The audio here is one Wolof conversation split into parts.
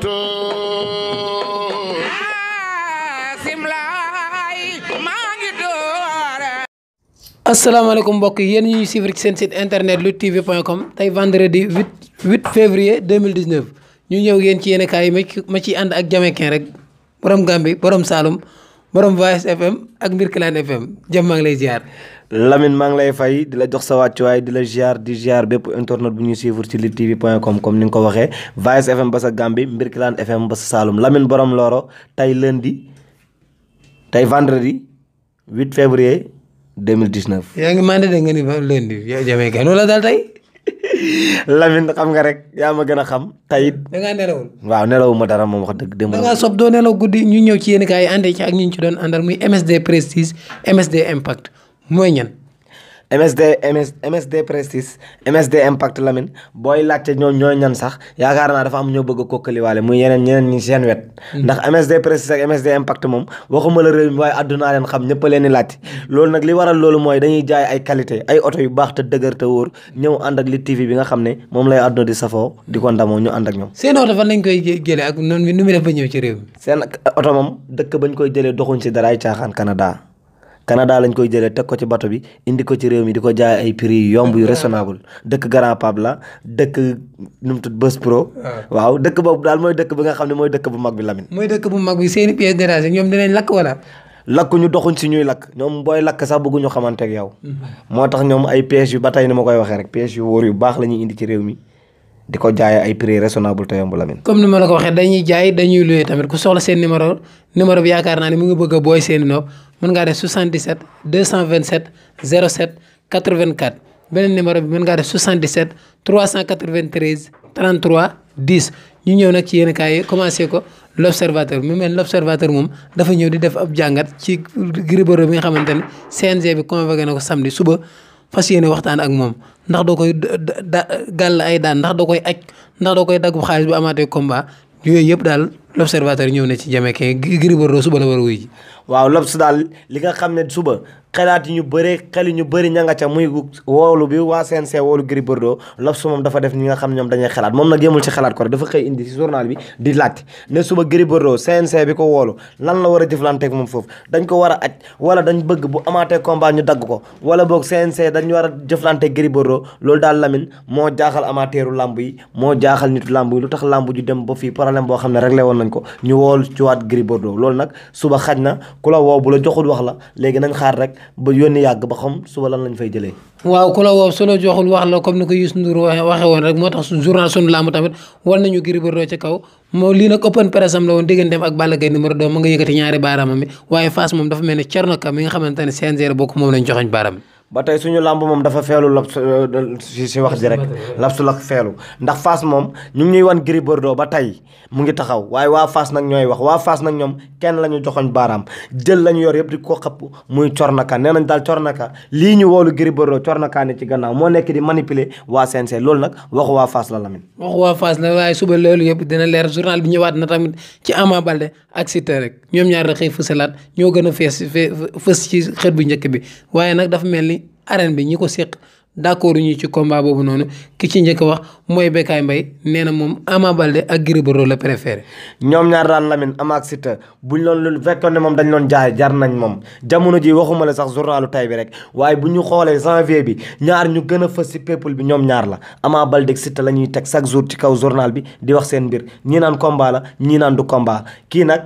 door asalaamaaleykum mbokk yéen ñi ñuy suivre ci seen site internet luttetv.com tey vendredi 8 8 février 2019 ñu ñëw yéen ci yéenekaay yi ma ci ma ciy ànd ak Jamaïcain rek borom Gambie borom Saloum borom Voice FM ak mbirkilaan FM jàmm ngi lay ziar. Lamine maa ngi lay fay di la jox sa wàccuwaay di la ziar di ziar bépp internet bu ñuy suivre ci Lutte TV point com comme ni nga ko waxee Vice FM ba sa Gambie Mbirkilaan FM ba sa Saloum Lamine borom Loro tey lundi tey vendredi 8 février yaa ngi mande de nga ni lundi yow jamee gan wala daal tey. Lamine xam nga rek yaa ma gën a xam tayit da ngaa nelawul waaw nelawu dara moom wax dëgg démb da ngaa sob doo nelaw guddi ñu ñëw ci yéen kaay àndee ci ak ci doon àndal Impact mooy ñan. MSD MS MSD Prestige MSD Impact Lamine booy laajte ñoo ñooy ñan sax yaakaar naa dafa am ñoo bëgg ko kokkaliwaale muy yeneen ñeneen ñi seen wet. Hmm. ndax MSD Prestige ak MSD Impact moom waxuma la réew mi waaye àddunaa leen xam ñëpp leen di laajte. Hmm. loolu nag li waral loolu mooy dañuy jaay ay qualité ay oto yu baax te dëgër te wóor ñëw ànd ak li TV bi nga xam ne moom lay àdduna di safoo di ko ndamoo ñu ànd ak ñoom. seen oto fan nañ koy jëlee ak noonu nu muy def ba ñëw ci réew mi. seen oto moom dëkk bañ koy jëlee doxuñ ci dara ay caaxaan Canada. kana daal lañ koy jëlee teg ko ci bato bi indi ko ci réew mi di ko jaay ay prix yu yomb yu ah. raisonnable dëkk Grand Pape la dëkk nu mu tudd Bus Pro. Ah. waaw dëkk boobu daal mooy dëkk bi nga xam ne mooy dëkk bu mag bi Lamine. mooy dëkk bu mag bi seeni pièces détachées ñoom dinañ lakk wala. lakk ñu doxuñ si ñuy lakk ñoom booy lakk sax bëgguñu xamante ak yow. Mm. moo tax ñoom ay pièces yu ba tey ni ma koy waxee rek pièces yu wóor yu baax la ñuy indi ci réew mi. di ko jaayee ay prix raisonnable te yomb Lamine. comme ni ko waxee dañuy jaay dañuy loué tamit ku soxla seen numéro bi yaakaar naa ne mu ngi bëgg a booy seen nopp mën ngaa def 77 227 07 84 beneen numéro bi mën ngaa def 77 393 33 10 ñu ñëw nag ci yéen kaay yi commencé ko l' observateur mu mel l' observateur moom dafa ñëw di def ab jàngat ci Gris Bordeaux bi nga xamante ne CNG bi convoqué fas yéene waxtaan ak moom ndax do koy da gàll ay daal ndax doo koy aj ndax doo koy dagg xaalis bu amaatee komba yooyu yëpp daal l'observateur ñëw na ci Jamaïcain Gris Bordeaux suba la war a wuy ji waaw lobs daal li nga xam ne suba xelaat yi ñu bëree xel ñu bëri ña nga ca muy woolu bi waa CNC woolu Gris Bordeaux lobs moom dafa def ñi nga xam ñoom dañuy xelaat moom nag yemul ci xelaat ko dafa xëy indi ci journal bi di laajte ne suba Gris Bordeaux CNC bi woolu lan la war a jëflanteeg moom foofu dañ ko war a aj wala dañ bëgg bu amaatee combat dagg ko wala boog CNC dañ war a jëflanteeg Gris Bordeaux loolu daal Lamine moo jaaxal amateuru lamb yi moo jaaxal nitu lamb yi lu tax lamb ju dem boo fii problème boo xam ne réglé woon nañ ko ñu wool ci waat loolu nag suba xaj na ku la woo bu la joxul wax la léegi nañ xaar rek ba yónni yàgg ba xam suba lan lañ fay jëlee waaw ku la woo su la joxul wax la comme ni ko Youssou Ndour waxe waxe woon rek moo tax journal sunu laamu tamit wal nañu Gris ci kaw moo lii nag open press am la ak Balla Gaye numéro 2 nga yëkkati ñaari baaraamam mi waaye Fass moom dafa mel ni Thierno Ka mi nga xamante ne CNG bokk moom ba tey suñu làmb moom dafa feelu Laps si wax ji rek Laps la feelu ndax Fass moom ñu ngi ñuy wan Gris Bordeaux ba tey mu ngi taxaw waaye waa Fass nag ñooy wax waa Fass nag ñoom kenn la ñu joxoñ baaraam jël la ñu yor di ko xapp muy cornaka nee nañ daal cornaka lii ñu woolu Gris Bordeaux cornaka ne ci gannaaw moo nekk di manipuler waa CNG loolu nag waxu waa Fass la Lamine la waaye suba loolu yëpp dina bi ñëwaat na tamit ci Ama Baldé ak Siteu rek ñoom ñaar da xëy fësalaat ñoo gën a fees fës ci xët bu njëkk bi waaye nag dafa mel arène bi ñi ko séq d'accord ñu ci combat boobu noonu ki ci njëkk wax mooy Bécaye mbay nee na moom Ama Baldé ak Gris Bordeaux la préféré. ñoom ñaar daan Lamine Ama ak Siteu buñ loon lu fekkoon ne moom dañ loon jaay jar nañ moom jamono ji waxuma la sax journalu tay bi rek waaye bu ñu xoolee janvier bi ñaar ñu gën a fës si peuple bi ñoom ñaar la Ama Baldé ak Siteu la ñuy teg chaque jour ci kaw journal bi di wax seen mbir ñii naan combat la ñii naan du combat kii nag.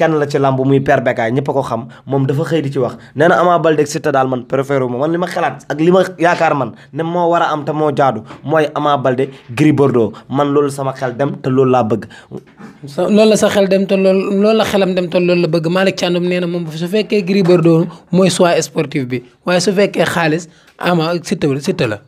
kenn la ci làmb muy Père Bécaye ñëpp a ko xam moom dafa xëy di ci wax nee na Ama Baldé ak Siteu daal man préféré ma man li ma xalaat ak li ma yaakaar man ne moo war am te moo jaadu mooy Ama Baldé Gris Bordeaux man loolu sama xel dem te loolu laa bëgg. sa loolu la xel dem te loolu loolu la xelam dem te loolu la bëgg Malick Thiandoum nee na moom su fekkee Gris Bordeaux mooy choix sportif bi waaye su fekkee xaalis Ama Siteu Siteu la.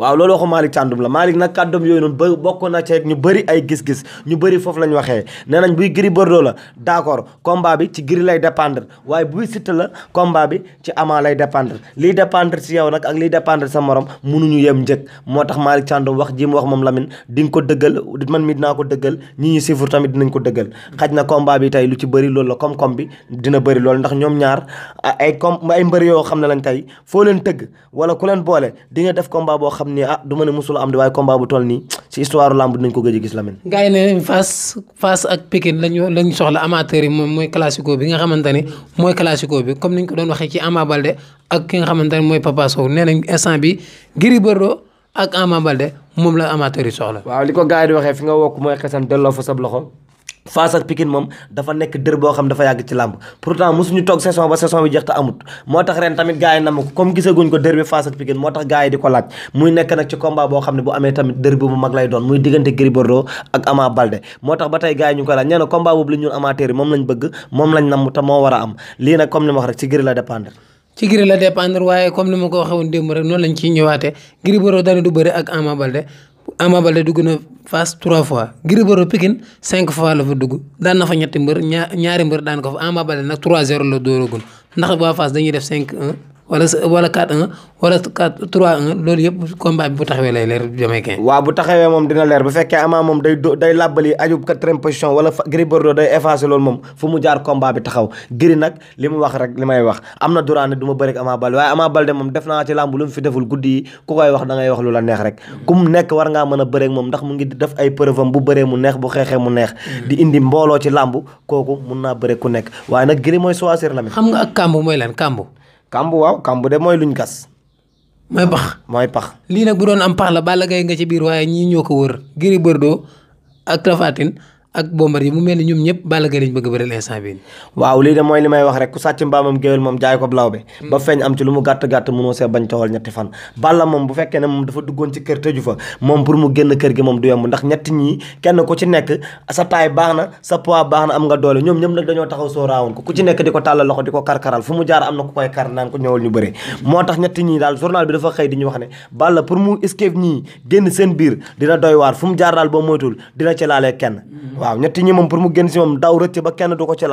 waaw loolu waxu Malick Thiandoum la Malick nag kàddoom yooyu noonu ba bokk na ca ñu bëri ay gis-gis ñu bëri foofu la ñu waxee nee nañ buy Gris Bordeaux la d'accord combat bi ci giri lay dépendre waaye buy Siteu la combat bi ci amaa lay dépendre liy dépendre ci yow nag ak liy dépendre sa morom mënuñu yem njëkk moo tax Malick Thiandoum wax ji mu wax moom Lamine di nga ko dëggal man mi dinaa ko dëggal ñi ñu sifur tamit dinañ ko dëggal xaj na combat bi tey lu ci bëri loolu la koom-koom bi dina bëri loolu ndax ñoom ñaar ay com ay mbër yoo xam ne lañ tey foo leen tëgg wala ku leen boole di nga def combat boo xam xam ah du ma ne musul am di waaye combat bu toll nii si histoire lamb dinañ ko gëj a gis Lamine. gars yi ne Fass Fass ak Pikine lañu soxla amateurs mooy classico bi nga xamante ne mooy classico bi comme niñ ko doon waxee ci Ama Balde ak ki nga xamante mooy Papa Sow nee nañ instant bi Gris Bordeaux ak Ama Balde moom la amateurs yi soxla. waaw li ko gars yi di waxee fi nga wokk mooy xesan delloo fa sab loxo. Fass ak Pikine moom dafa nekk dër boo xam dafa yàgg ci làmb pourtant mosuñu toog saison ba saison bi jeex te amut moo tax ren tamit gars yi nam ko comme gisaguñ ko dër bi ak Pikine moo tax gars yi di ko laaj muy nekk nag ci combat ne bu amee tamit dër bi bu mag lay doon ba tey gars yi ñu ko laaj nee na combat boobu li ñun amateur moom lañ bëgg moom lañ namm te moo war a am lii nag comme ni ma wax rek ci Gris la dépendre ci Gris la waaye comme ni ma ko waxee woon démb rek noonu lañ ciy ñëwaatee Gris Bordeaux du bëri ak Ama Baldé dugg na Fass trois fois Gris Bordeaux Pikine cinq fois la fa dugg daan na fa ñetti mbër ñaari mbër daan ko fa Ama Baldé nag 3-0 la dóoragul ndax waa Fass dañuy def 5-1. wala wala 4-1 wala 4 3 loolu yëpp combat bi bu taxawee lay leer Jamaïcain. waaw bu taxawee moom dina leer bu fekkee Ama moom day do day làbbali aju quatrième position wala Gris Bordeaux day effacé loolu moom fu mu jaar combat taxaw Gris nag li mu wax rek li may wax am na droit ne du ma bëri ak Ama Baldé waaye Ama Baldé moom def naa ci làmb lu mu fi deful guddi yi ku koy wax da wax lu la neex rek ku mu nekk war ngaa mën a bëreek moom ndax mu ngi di def ay preuve am bu bëree mu neex bu xeexee mu neex hmm. di indi mbooloo ci làmb kooku mun naa bëre ku nekk waaye nag Gris mooy choisir la mi xam nga ak kambu mooy lan kambu kàmb waaw kàmb de mooy luñ gas. mooy pax mooy pax. lii nag bu doon am pax la Balla Gaye nga ci biir waaye ñii ñoo ko wër Gris Bordeaux ak Tapha ak Bombardier mu mel ni ñoom ñëpp Balla Gaye lañ bëgg bëreel instant bi waaw lii de mooy li may wax rek ku sàcc mbaamam géwél moom jaay ko lawbe moom bu kenn ku nekk sa taay baax na sa poids baax nga doole ñoom ñëpp nag dañoo taxaw soo raawoon ko ku ci nekk di ko tàllal loxo di ko karkaral fu ku ñëwal ñu bëre moo tax ñetti ñii daal journal bi dafa xëy di ñu wax ne Balla pour mu escape ñii génn seen biir dina doy waar fu mu jaar daal boo moytul dina ci laalee kenn waaw ñetti ñi moom pour mu génn si moom daw rëcc ba kenn du ko ci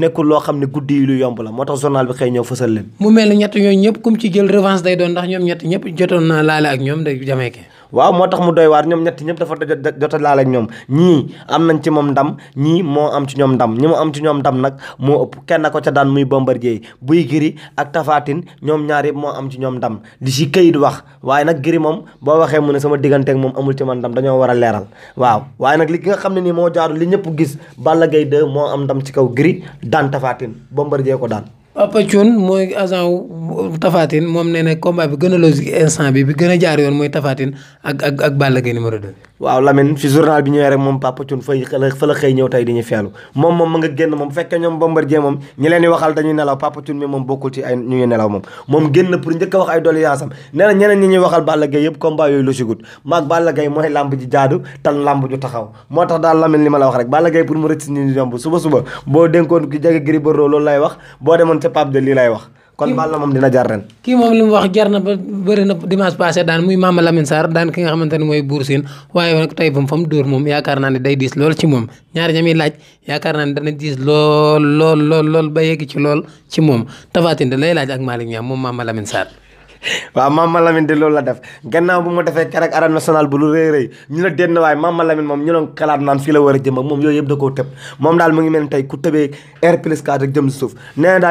nekkul loo xam ne guddi yi lu yomb la moo tax journal bi xëy ñëw fësal leen. mu mel ne ñett ñooñu ñëpp kum ci jël revanche day doon ndax ñoom ñett ñëpp jotoon naa laale ak ñoom day Jamaïcain waaw moo tax mu doy waar ñoom ñetti ñëpp dafa jot a laal ñoom ñii am nañ ci moom ndam ñii moo am ci ñoom ndam ñi mu am ci ñoom ndam nag moo ëpp kenn ko ca daan muy Bombardier buy Gris ak Tapha ñoom ñaari moo am ci ñoom ndam di ci kayit wax waaye nag Gris moom boo waxee mu ne sama digganteek moom amul ci man ndam dañoo war a leeral waaw waaye nag li ki nga xam ne nii moo jaaru li ñëpp gis Balla Gaye 2 moo am ndam ci kaw Gris daan Tapha Tine ko daan Papa Thion mooy agent wu Tapha moom nee na combat bi gën a instant bi bi gën a jaar yoon mooy Tapha ak ak ak Balla numéro 2 waaw Lamine fi journal bi ñëwee rek moom Papa Thion fay fa la xëy ñëw tey dañuy feelu moom moom ma nga génn moom fekkee ñoom Bombardier moom ñi leen di waxal dañuy nelaw Papa Thion mi moom bokkul ci ay ñu ngi nelaw moom moom génn pour njëkk a wax ay doléance am nee na ñeneen ñi ñuy waxal Balla Gaye yëpp combat yooyu logigut maag Balla Gaye mooy làmb ji jaadu tan làmb ju taxaw moo tax daal Lamine li ma la wax rek Balla Gaye pour mu rëcc ni yomb suba suba boo dénkoon ki jege Gris loolu lay wax boo demoon ca lii lay wax kon Balla moom dina jar ren. kii wax jar na ba bëri na dimanche passé daan muy Mama Lamine Sarr daan ki nga xamante ne mooy Bour Sine waaye nag tey bam fa mu dóor moom yaakaar naa ne day diis lool ci moom ñaari ñami laaj yaakaar naa ne dana diis lool lool lool lool ba yegg ci lool ci moom Tapha Tine da lay laaj ak Malick Niang moom Mama Lamine waaw Mama Lamine de loolu la def gannaaw bu mu defee keroog arène nationale bu lu rëy ñu ne denn waaye Mama Lamine moom ñu doon a jëm daal mu ku tëbee air plus 4 jëm suuf moom nag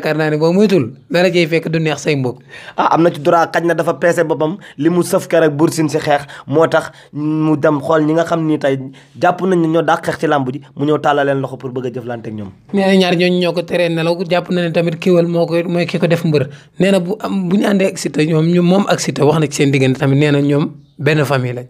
a naa ne boo moytul dara jey fekk du say mbokk ah am na ci droit xaj na dafa peese boppam li mu sëf keroog Bour si xeex moo tax mu dem xool ñi nga xam nii tey jàpp nañ ñoo daa xeex ci làmb ji mu ñëw tàllal leen loxo pour bëgg a jëflante ak ñoom nee na ñaar ñooñu ñoo ko teree nelaw jàpp na ne tamit kéwal moo koy mooy ki ko def mbër nee bu am bu ñu àndee ak Siteu ñoom ñu moom ak Siteu wax na ci seen diggante tamit nee na ñoom benn famille lañ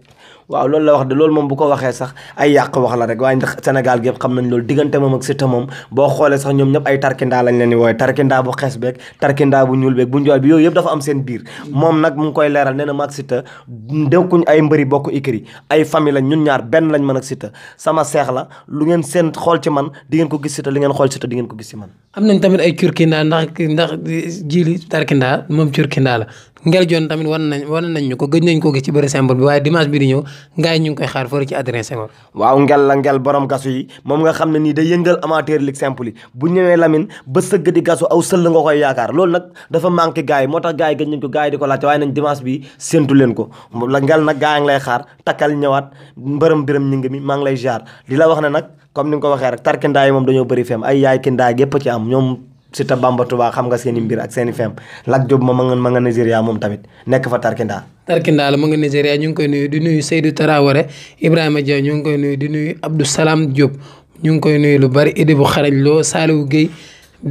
waaw loolu la wax de loolu moom bu ko waxee sax ay yàq wax la rek waaye ndax Sénégal gi yëpp xam nañ loolu diggante moom ak Siteu moom boo xoolee sax ñoom ñëpp ay tarkindaa lañ leen di wooye tarkindaa bu xees beeg tarkindaa bu ñuul beeg bu njool bi yooyu yëpp dafa seen biir moom nag mu koy leeral nee na maag Siteu kuñ ay mbëri bokk ikri ay famille lañ ñun ñaar benn lañ mën ak Siteu sama seex la lu ngeen seen xool ci man di ngeen ko gis Siteu li ngeen xool Siteu di ngeen ko gis ci man am nañ tamit ay curkindaa ndax ndax jili tarkindaa moom curkindaa la ngel joon tamit wan na wan nañ ñu ko gëj nañ ko gis ci bëri simple bi waaye dimanche bi di ñëw gars yi ñu koy xaar fële ci Adrien Senghor moom nga xam ne nii day yëngal amateur ligue simple yi sëgg di gasu aw sëll nga nag dafa manqué gars yi moo tax gars yi gëj nañ ko gars yi di ko laajte waaye nañ dimanche bi séntu leen ko la ngel na gars yi lay xaar takkal ñëwaat mbërëm biram ñi ngi mi maa ngi lay jaar di la wax ne nag comme ni nga ko waxee rek tarkindaa yi moom dañoo bëri fem ay yaay kindaay gépp ci am ñoom Siteu Bamba Touba xam nga seeni i mbir ak seen fem Lat Diop ma ma nga ma nga Nigéria moom tamit nekk fa Tarkinda. Tarkinda la ma nga Nigéria ñu ngi koy nuyu di nuyu Seydou Traoré Ibrahima Dia ñu ngi koy nuyu di nuyu Abdou salaam Diop ñu ngi koy nuyu lu bari Iddi bu xarañ loo Saliou Guèye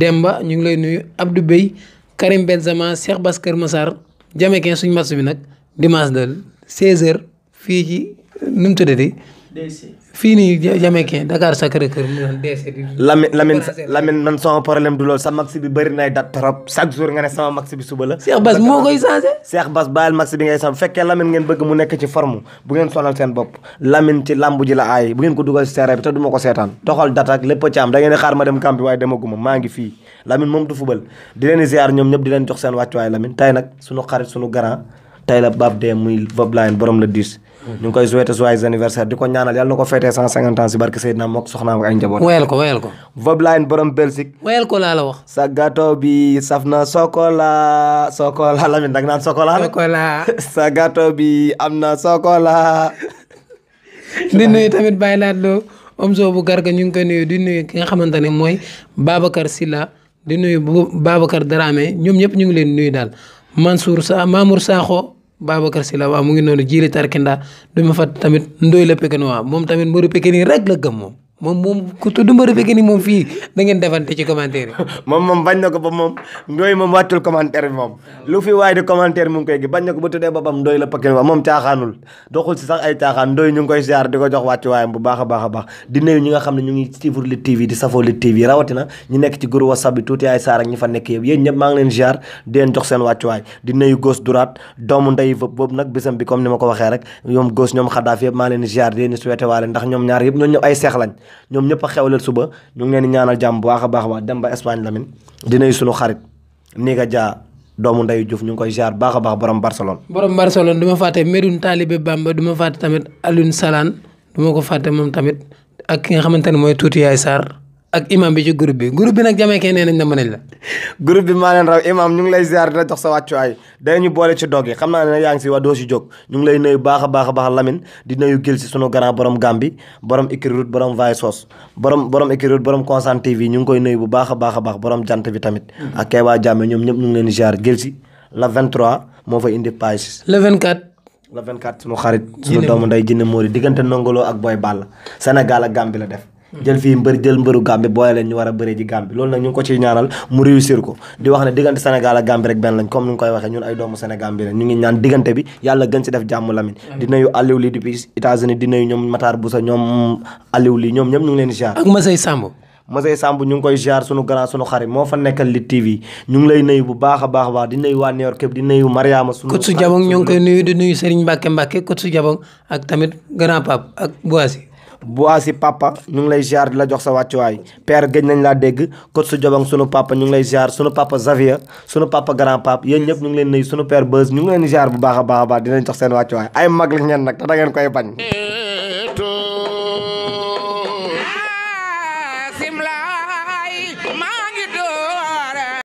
Demba ñu ngi lay nuyu Abdou Bey Karim Benzema Cheikh Bass Kër Massar Jamaïcain suñu match bi nag dimas de 16h fii ji nu mu tuddati. fii nii Jamaïcain Dakar Sacré Cœur mu naan décès di. Lamine Lamine Lamine man sama problème du loolu sa max bi bëri nay dat trop chaque jour a ne suba la. Cheikh Bass moo koy changé. Cheikh Bass bàyyil max bi ngay changé mu nekk ci forme bu ngeen sonal seen bopp Lamine ci làmb ji la aay bu ngeen ko dugal si terrain bi te du ma ko seetaan. toxal dat ak lépp ci am da ngeen xaar ma dem camp waaye demaguma maa ngi fii Lamine moom du fubal di leen ziar ñoom ñëpp di leen jox seen wàccuwaay Lamine tey nag sunu xarit sunu grand tey la Bab Dee muy Voblaine la diis ñu ngi koy souhaité joyeux anniversaire di ko ñaanal yàlla na ko féetee 150 ans si barke Seydina mook soxnaam ak ay ko wéyal ko. Vobline borom Belgique. ko laa la wax. sa gâteau bi saf na sokola sokola Lamine da nga naan sokola. sokola sa gâteau bi am na sokola. di nuyu tamit bàyyi laat loo Omzo bu Garga ñu ngi koy nuyu di nuyu ki nga xamante ne mooy Babacar Silla di nuyu bu Babacar Dramé ñoom ñëpp ñu ngi leen nuyu daal Mansour Sa Mamour Sakho. Babacar Sylla waaw mu ngi noonu jiili tarkinda du ma fat tamit ndoy la Pikinois moom tamit mbaru Pikine yi rek la gëm moom moom moom ku tudd Mbëru Pikine moom fii da ngeen defante ci commentaire yi. moom moom bañ na ko ba moom ndooy moom wàccul commentaire bi moom. lu fi waaye di commentaire mu ngi koy na ko ba la Pikine ba moom caaxaanul ay caaxaan ndooy ñu ngi koy siyaar di jox wàccuwaayam bu baax a baax a baax nga xam ne ñu ngi suivre Lutte TV di safoo Lutte TV rawatina ñu nekk ci groupe WhatsApp bi tuuti ay saar ñi fa nekk yëpp yéen ñëpp maa ngi leen siyaar di leen jox seen wàccuwaay di nuyu gos duraat doomu ndey boobu nag bisam bi comme ni ma ko waxee rek ñoom gos ñoom xadaaf yëpp maa leen siyaar di leen souhaité ndax ñoom ñaar yëpp ñoo ñëpp ñoom ñëpp a xewleel suba ñu ngi leen di ñaanal jàmm bu baax a baax waa dem ba Espagne Lamine dinañ suñu xarit ni nga jaa doomu ndeyu Diouf ñu ngi koy ziar baax a baax borom Barcelone. borom Barcelone du ma fàtte Medoune Talibé Bamba ba ma fàtte tamit Alioune Salane du ma ko fàtte moom tamit ak ki nga xamante ne mooy tuuti yaay Sarr ak imam bi ci group bi groupe bi nag jameekee nee nañ na mënañ la groupe bi maa leen raw ngi lay ziar di la jox sa wàccuwaay boole ci dog yi xam naa ne yaa ngi si wax doo si jóg ñu ngi lay nuyu baax a baax a baax Lamine di nuyu gil si sunu grand borom Gambi borom écri route borom borom borom écri route borom Constant ñu ngi koy nuyu bu baax a a baax borom jant bi tamit mm-hmm. ak kay waa ñëpp ñu ngi leen di ziar gil si la 23 moo fay indi page le 24 le 24 sunu xarit sunu doomu nday jinne Mori diggante nongoloo ak Boy Balla Sénégal ak Gambi la def jël fii mbër jël mbëru Gambie booye ñu war a bëree ji Gambie loolu nag ñu ngi ko ciy ñaanal mu réussir ko di wax ne diggante Sénégal ak Gambie rek benn lañ comme ni nga koy waxee ñun ay doomu Sénégal bi lañ ñu ngi ñoom Matar Boussa ñoom Aliou li ñoom leen ziar ak Masey Samb Masey Samb ñu koy ziar sunu grand sunu xarit moo fa nekkal li TV ñu ngi lay nuyu bu baax a baax a baax di nuyu waa New York képp di nuyu Mariama sunu kot su jabong ñu ngi koy nuyu di nuyu Serigne Mbacke Mbacke kot su jabong ak tamit grand pape ak Boissy bu Boissy papa ñu ngi lay ziar la jox sa wàccuwaay per gëj nañ laa dégg coach su Jobang sunu papa ñu ngi lay ziar sunu papa Xavier sunu papa grand pape yéen ñëpp ñu ngi leen nuyu sunu père Beuz ñu ngi leen ziar bu baax a baax a baax dinañ jox seen wàccuwaay ay mag la ngeen nag te da ngeen koy bañ.